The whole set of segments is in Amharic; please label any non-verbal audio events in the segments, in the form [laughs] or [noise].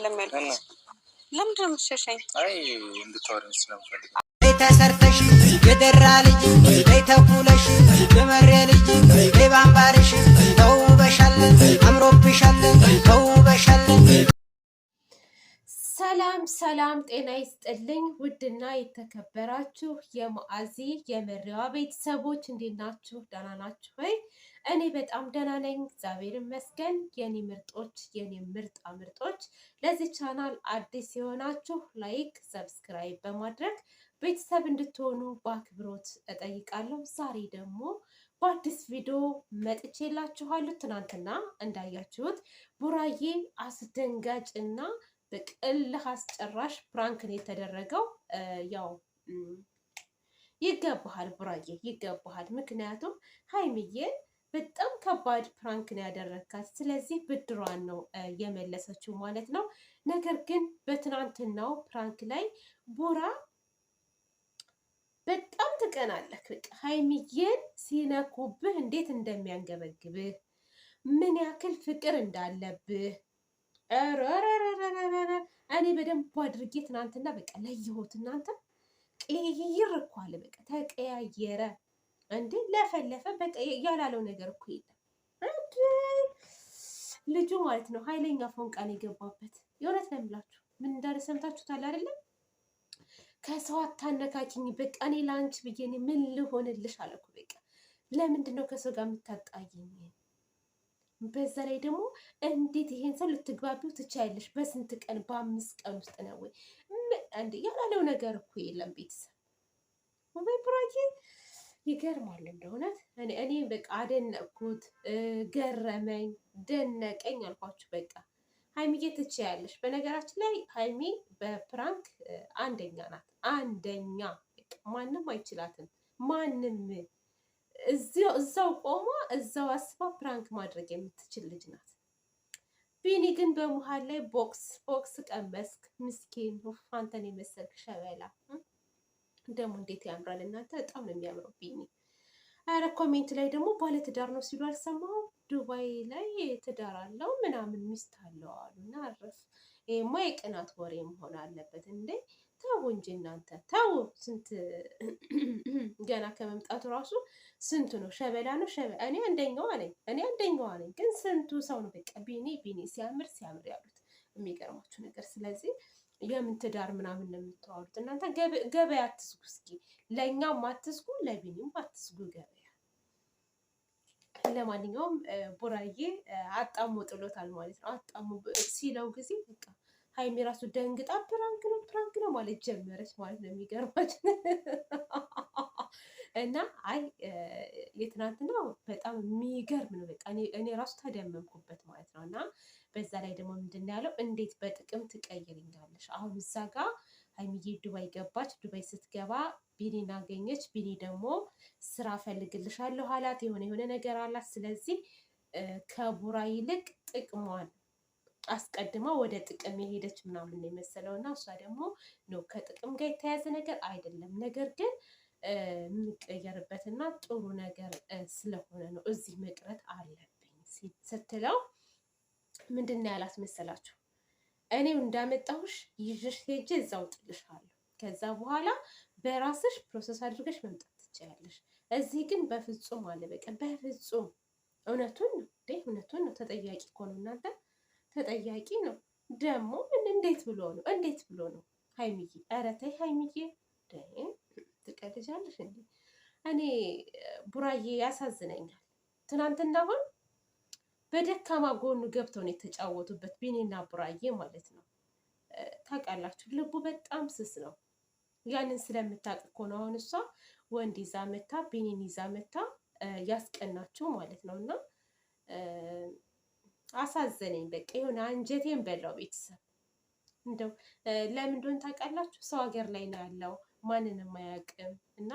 አይደለም ያልኩት። ለምንድን ነው የምትሸሸኝ? ተሰርተሽ የደራ ልጅ ተኩለሽ የመሬ ልጅ ባምባርሽ ተውበሻለን፣ አምሮብሻለን፣ ተውበሻለን። ሰላም ሰላም፣ ጤና ይስጥልኝ ውድና የተከበራችሁ የማአዚ የመሪዋ ቤተሰቦች እንዴት ናችሁ? ደህና ናችሁ ወይ? እኔ በጣም ደህና ነኝ፣ እግዚአብሔር ይመስገን። የኔ ምርጦች፣ የኔ ምርጣ ምርጦች፣ ለዚህ ቻናል አዲስ የሆናችሁ ላይክ፣ ሰብስክራይብ በማድረግ ቤተሰብ እንድትሆኑ በአክብሮት እጠይቃለሁ። ዛሬ ደግሞ በአዲስ ቪዲዮ መጥቼላችኋለሁ። ትናንትና እንዳያችሁት ቡራዬ አስደንጋጭ እና በቅልህ አስጨራሽ ፕራንክን የተደረገው ያው ይገባሃል ቡራዬ ይገባሃል። ምክንያቱም ሀይምዬን በጣም ከባድ ፕራንክን ያደረካት፣ ስለዚህ ብድሯን ነው የመለሰችው ማለት ነው። ነገር ግን በትናንትናው ፕራንክ ላይ ቡራ በጣም ትቀናለህ። በቃ ሀይሚዬን ሲነኩብህ እንዴት እንደሚያንገበግብህ ምን ያክል ፍቅር እንዳለብህ እኔ በደንብ አድርጌ ትናንትና በቃ ለየሁት። እናንተ ቅይር እኮ አለ በቃ ተቀያየረ እንዴ ለፈለፈ በቃ ያላለው ነገር እኮ የለም። ልጁ ማለት ነው ኃይለኛ ፎንቃን የገባበት የእውነት ነው የምላችሁ። ምን እንዳለ ሰምታችሁታል አይደለም? ከሰው አታነካኪኝ፣ በቃ እኔ ለአንቺ ብዬ ምን ልሆንልሽ አለ እኮ በቃ። ለምንድን ነው ከሰው ጋር የምታጣይኝ? በዛ ላይ ደግሞ እንዴት ይሄን ሰው ልትግባቢው ትቻያለሽ? በስንት ቀን በአምስት ቀን ውስጥ ነው ወይ ያላለው ነገር እኮ የለም። ቤተሰብ ወይ ብራዬ ይገርማል። እንደሆነ እኔ በቃ አደነቅኩት፣ ገረመኝ፣ ደነቀኝ አልኳችሁ። በቃ ሀይሚዬ ትችያለሽ። በነገራችን ላይ ሀይሚ በፕራንክ አንደኛ ናት፣ አንደኛ ማንም አይችላትም ማንም እዛው ቆማ እዛው አስባ ፕራንክ ማድረግ የምትችል ልጅ ናት። ቢኒ ግን በመሃል ላይ ቦክስ ቦክስ ቀመስክ፣ ምስኪን አንተን የመሰልክ ሸበላ። ደግሞ እንዴት ያምራል እናንተ! በጣም ነው የሚያምረው ቢኒ። ኧረ ኮሜንት ላይ ደግሞ ባለትዳር ነው ሲሉ አልሰማሁም። ዱባይ ላይ ትዳር አለው ምናምን ሚስት አለው አሉ እና ረፍ። ይሄማ የቅናት ወሬ መሆን አለበት እንዴ! ተው እንጂ እናንተ ተው። ስንት [clears throat] ገና ከመምጣቱ ራሱ ስንቱ ነው ሸበላ ነው ሸበ እኔ አንደኛዋ ነኝ እኔ አንደኛዋ ነኝ፣ ግን ስንቱ ሰው ነው በቃ ቢኒ ቢኒ ሲያምር ሲያምር ያሉት የሚገርማችሁ ነገር። ስለዚህ የምን ትዳር ምናምን ነው የምታወሩት እናንተ። ገበያ አትስጉ እስኪ፣ ለእኛም አትስጉ፣ ለቢኒም አትስጉ ገበያ። ለማንኛውም ቡራዬ አጣሞ ጥሎታል ማለት ነው። አጣሞ ሲለው ጊዜ በቃ ሀይሚ ራሱ ደንግጣ ፕራንክ ነው ፕራንክ ነው ማለት ጀመረች ማለት ነው። የሚገርማችን [laughs] እና አይ የትናንትናው በጣም የሚገርም ነው። በቃ እኔ ራሱ ተደመምኩበት ማለት ነው። እና በዛ ላይ ደግሞ ምንድን ነው ያለው? እንዴት በጥቅም ትቀይሪኛለሽ? አሁን እዛ ጋ ሀይሚዬ ዱባይ ገባች። ዱባይ ስትገባ ቢኒን አገኘች። ቢኒ ደግሞ ስራ ፈልግልሻለሁ አላት። የሆነ የሆነ ነገር አላት። ስለዚህ ከቡራ ይልቅ ጥቅሟን አስቀድማ ወደ ጥቅም የሄደች ምናምን የመሰለው እና እሷ ደግሞ ነው ከጥቅም ጋር የተያዘ ነገር አይደለም። ነገር ግን የምቀየርበትና ጥሩ ነገር ስለሆነ ነው እዚህ መቅረት አለብኝ ስትለው ምንድን ነው ያላት መሰላችሁ? እኔው እንዳመጣሁሽ ይዥሽ ሄጅ እዛው ጥልሻለሁ። ከዛ በኋላ በራስሽ ፕሮሰስ አድርገሽ መምጣት ትችላለሽ። እዚህ ግን በፍጹም አለ። በቃ በፍጹም እውነቱን ነው እውነቱን ነው። ተጠያቂ እኮ እናንተ ተጠያቂ ነው። ደግሞ እንዴት ብሎ ነው እንዴት ብሎ ነው ሀይሚዬ? ኧረ ተይ ሀይሚዬ ትቀልጃለሽ እንዴ? እኔ ቡራዬ ያሳዝነኛል። ትናንትና አሁን በደካማ ጎኑ ገብተው ነው የተጫወቱበት ቢኒና ቡራዬ ማለት ነው። ታውቃላችሁ ልቡ በጣም ስስ ነው። ያንን ስለምታውቅ እኮ ነው አሁን እሷ ወንድ ይዛ መታ ቢኒን ይዛ መታ ያስቀናችሁ ማለት ነው እና አሳዘነኝ። በቃ የሆነ አንጀቴን በላው። ቤተሰብ እንደው ለምን እንደሆነ ታውቃላችሁ? ሰው ሀገር ላይ ነው ያለው ማንንም አያውቅም እና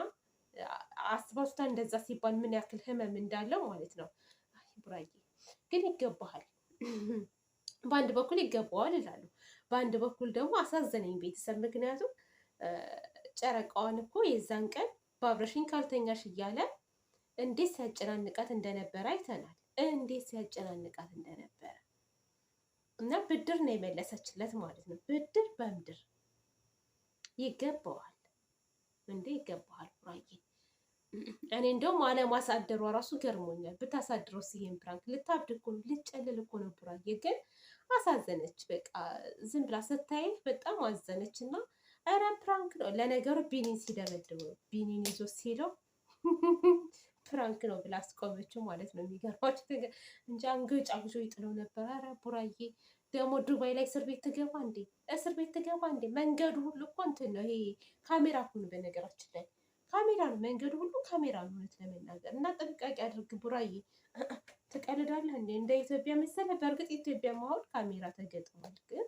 አስባሱታ እንደዛ ሲባል ምን ያክል ህመም እንዳለው ማለት ነው። ቡራዬ ግን ይገባሃል፣ በአንድ በኩል ይገባዋል ይላሉ፣ በአንድ በኩል ደግሞ አሳዘነኝ ቤተሰብ። ምክንያቱም ጨረቃዋን እኮ የዛን ቀን በአብረሽኝ ካልተኛሽ እያለ እንዴት ሲያጨናንቃት እንደነበረ አይተናል። እንዴት ሲያጨናንቃት እንደነበረ እና ብድር ነው የመለሰችለት ማለት ነው። ብድር በምድር ይገባዋል እንዴ ይገባዋል። ቡራዬ እኔ እንደውም አለማሳደሯ ራሱ ገርሞኛል። ብታሳድረው ሲሄን ፕራንክ ልታብድ እኮ ነው ልጨልል እኮ ነው። ቡራዬ ግን አሳዘነች። በቃ ዝም ብላ ስታይ በጣም አዘነች እና ኧረ ፕራንክ ነው። ለነገሩ ቢኒን ሲደበድበው ቢኒን ይዞ ሲለው ፕራንክ ነው ብላ አስቆመችው ማለት ነው። የሚገርማችሁ ነገር እንጂ አንገጫ ጉዞ ይጥለው ነበር። ኧረ ቡራዬ ደግሞ ዱባይ ላይ እስር ቤት ትገባ እንዴ? እስር ቤት ትገባ እንዴ? መንገዱ ሁሉ እኮ እንትን ነው። ይሄ ካሜራ ሁኑ፣ በነገራችን ላይ ካሜራ ነው መንገዱ ሁሉ ካሜራ ነው። እውነት ለመናገር እና ጥንቃቄ አድርግ ቡራዬ። [clears throat] ትቀልዳለህ እንዴ? እንደ ኢትዮጵያ መሰለ። በእርግጥ ኢትዮጵያ ማሆን ካሜራ ተገጥሟል፣ ግን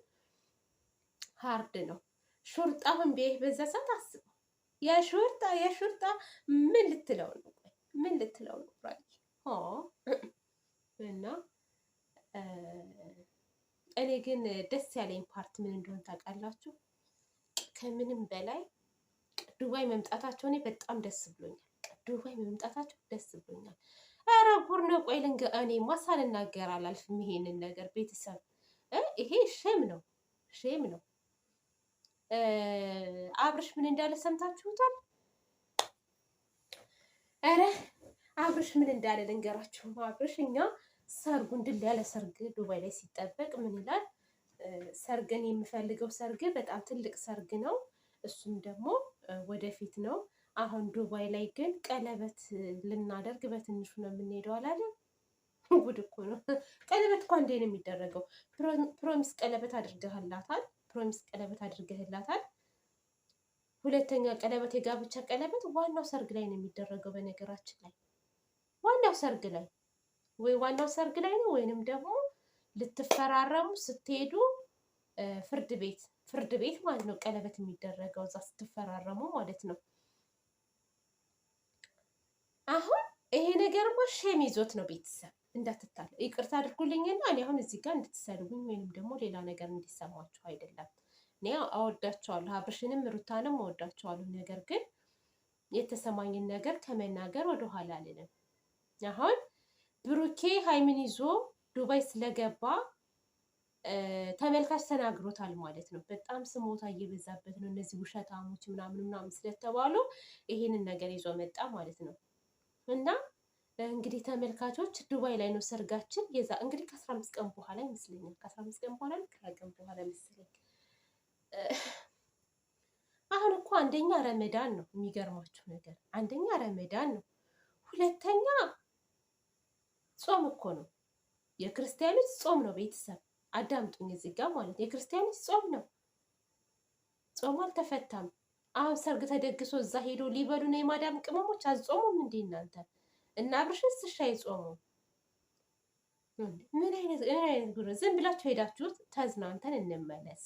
ሀርድ ነው። ሹርጣ ሁን ቤ በዛ ሰዓት አስበው፣ የሹርጣ የሹርጣ ምን ልትለው ነው? ምን ልትለው ነው ራጅ እና እኔ ግን ደስ ያለኝ ፓርት ምን እንደሆነ ታውቃላችሁ? ከምንም በላይ ዱባይ መምጣታቸው እኔ በጣም ደስ ብሎኛል። ዱባይ መምጣታቸው ደስ ብሎኛል። ኧረ ጉድ ነው! ቆይ ልንገ እኔማ ሳልናገር አላልፍም ይሄንን ነገር ቤተሰብ። ይሄ ሼም ነው፣ ሼም ነው። አብርሽ ምን እንዳለ ሰምታችሁታል? ኧረ አብርሽ ምን እንዳለ ልንገራችሁ። አብርሽ እኛ ሰርጉ እንድል ያለ ሰርግ ዱባይ ላይ ሲጠበቅ ምን ይላል? ሰርግን የምፈልገው ሰርግ በጣም ትልቅ ሰርግ ነው፣ እሱም ደግሞ ወደፊት ነው። አሁን ዱባይ ላይ ግን ቀለበት ልናደርግ በትንሹ ነው የምንሄደው አላለም። ጉድ እኮ ነው። ቀለበት እኮ እንዴ ነው የሚደረገው? ፕሮሚስ ቀለበት አድርገህላታል፣ ፕሮሚስ ቀለበት አድርገህላታል ሁለተኛ ቀለበት የጋብቻ ቀለበት ዋናው ሰርግ ላይ ነው የሚደረገው። በነገራችን ላይ ዋናው ሰርግ ላይ ወይ ዋናው ሰርግ ላይ ነው ወይንም ደግሞ ልትፈራረሙ ስትሄዱ ፍርድ ቤት ፍርድ ቤት ማለት ነው ቀለበት የሚደረገው እዛ ስትፈራረሙ ማለት ነው። አሁን ይሄ ማ ሼም ይዞት ነው ቤተሰብ እንዳትታለ ይቅርታ አድርጉልኝና እኔ አሁን እዚህ ጋር እንድትሰድቡኝ ወይንም ደግሞ ሌላ ነገር እንዲሰማችሁ አይደለም። እኔ አወዳቸዋለሁ አብርሽንም ሩታንም አወዳቸዋለሁ። ነገር ግን የተሰማኝን ነገር ከመናገር ወደኋላ አልልም። አሁን ብሩኬ ሀይሚን ይዞ ዱባይ ስለገባ ተመልካች ተናግሮታል ማለት ነው። በጣም ስሞታ እየበዛበት ነው። እነዚህ ውሸታሞች ምናምን ምናምን ስለተባሉ ይሄንን ነገር ይዞ መጣ ማለት ነው እና እንግዲህ ተመልካቾች ዱባይ ላይ ነው ሰርጋችን። የዛ እንግዲህ ከአስራ አምስት ቀን በኋላ ይመስለኛል ከአስራ አምስት ቀን በኋላ ከሀያ ቀን በኋላ ይመስለኛል። [laughs] አሁን እኮ አንደኛ ረመዳን ነው። የሚገርማችሁ ነገር አንደኛ ረመዳን ነው፣ ሁለተኛ ጾም እኮ ነው። የክርስቲያኖች ጾም ነው። ቤተሰብ አዳምጡኝ፣ እዚህ ጋ ማለት የክርስቲያኖች ጾም ነው። ጾሙ አልተፈታም። አሁን ሰርግ ተደግሶ እዛ ሄዶ ሊበሉ ነው የማዳም ቅመሞች። አልጾሙም እንዴ እናንተ? እና አብርሽስ እሺ አይጾሙም ምን አይነት ጉድ! ዝም ብላችሁ ሄዳችሁት ተዝናንተን እንመለስ።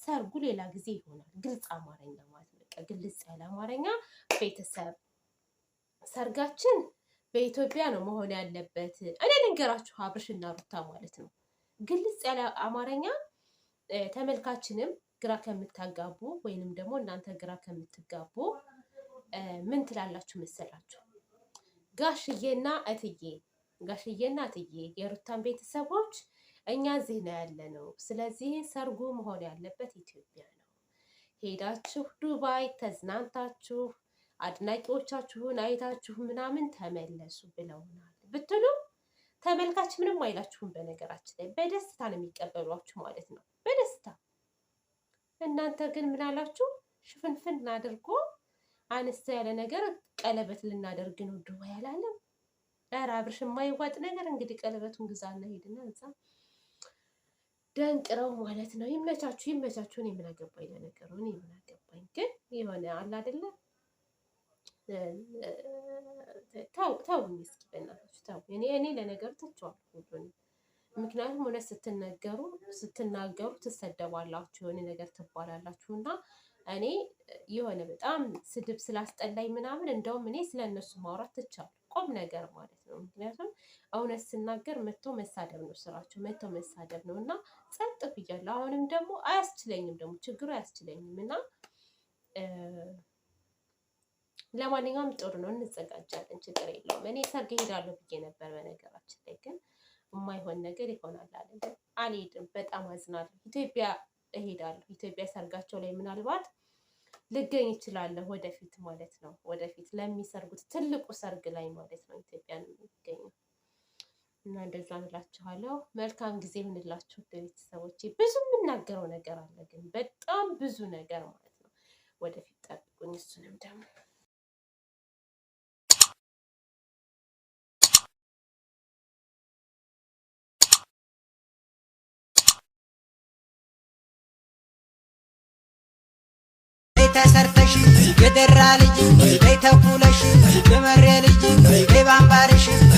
ሰርጉ ሌላ ጊዜ ይሆናል። ግልጽ አማርኛ ማለት በቃ ግልጽ ያለ አማርኛ። ቤተሰብ ሰርጋችን በኢትዮጵያ ነው መሆን ያለበት። እኔ ልንገራችሁ፣ አብርሽና ሩታ ማለት ነው። ግልጽ ያለ አማርኛ ተመልካችንም ግራ ከምታጋቡ ወይንም ደግሞ እናንተ ግራ ከምትጋቡ ምን ትላላችሁ መሰላችሁ? ጋሽዬና እትዬ ጋሽዬ እናትዬ የሩታን ቤተሰቦች እኛ እዚህ ነው ያለ ነው። ስለዚህ ሰርጉ መሆን ያለበት ኢትዮጵያ ነው። ሄዳችሁ ዱባይ ተዝናንታችሁ አድናቂዎቻችሁን አይታችሁ ምናምን ተመለሱ ብለውናል ብትሉ ተመልካች ምንም አይላችሁም። በነገራችን ላይ በደስታ ነው የሚቀበሏችሁ ማለት ነው፣ በደስታ እናንተ ግን ምናላችሁ? ሽፍንፍን አድርጎ አነስተ ያለ ነገር ቀለበት ልናደርግ ነው ዱባይ አላለም። ኧረ አብርሽ የማይዋጥ ነገር እንግዲህ ቀለበቱን ግዛና ሄድና እዛ ደንቅረው ማለት ነው። ይመቻችሁ ይመቻችሁ። እኔ ምን አገባኝ ለነገሩ፣ እኔ ምን አገባኝ። ግን የሆነ አለ አይደለ? ተው ተው እስኪ በእናታችሁ ተው። እኔ እኔ ለነገሩ ትቼዋለሁ ሁሉንም። ምክንያቱም እውነት ስትነገሩ ስትናገሩ ትሰደባላችሁ፣ የሆነ ነገር ትባላላችሁ እና እኔ የሆነ በጣም ስድብ ስላስጠላኝ ምናምን እንደውም እኔ ስለ እነሱ ማውራት ትቻለሁ። ቁም ነገር ማለት ነው። ምክንያቱም እውነት ስናገር መጥቶ መሳደብ ነው ስራቸው፣ መጥቶ መሳደብ ነው እና ጸጥ ብያለሁ። አሁንም ደግሞ አያስችለኝም፣ ደግሞ ችግሩ አያስችለኝም እና ለማንኛውም ጥሩ ነው፣ እንዘጋጃለን፣ ችግር የለውም። እኔ ሰርግ እሄዳለሁ ብዬ ነበር በነገራችን ላይ ግን የማይሆን ነገር ይሆናል አለ። አልሄድም፣ በጣም አዝናለሁ። ኢትዮጵያ እሄዳለሁ። ኢትዮጵያ ሰርጋቸው ላይ ምናልባት ልገኝ እችላለሁ ወደፊት ማለት ነው። ወደፊት ለሚሰርጉት ትልቁ ሰርግ ላይ ማለት ነው ኢትዮጵያ የሚገኘው እና እንደዛ እንላችኋለሁ። መልካም ጊዜ ይሁንላችሁ ቤተሰቦቼ። ብዙ የምናገረው ነገር አለ ግን በጣም ብዙ ነገር ማለት ነው። ወደፊት ጠብቁኝ። እሱንም ደግሞ ተሰርተሽ የደራ ልጅ ተይ ተኩለሽ የመሬ ልጅ ተይ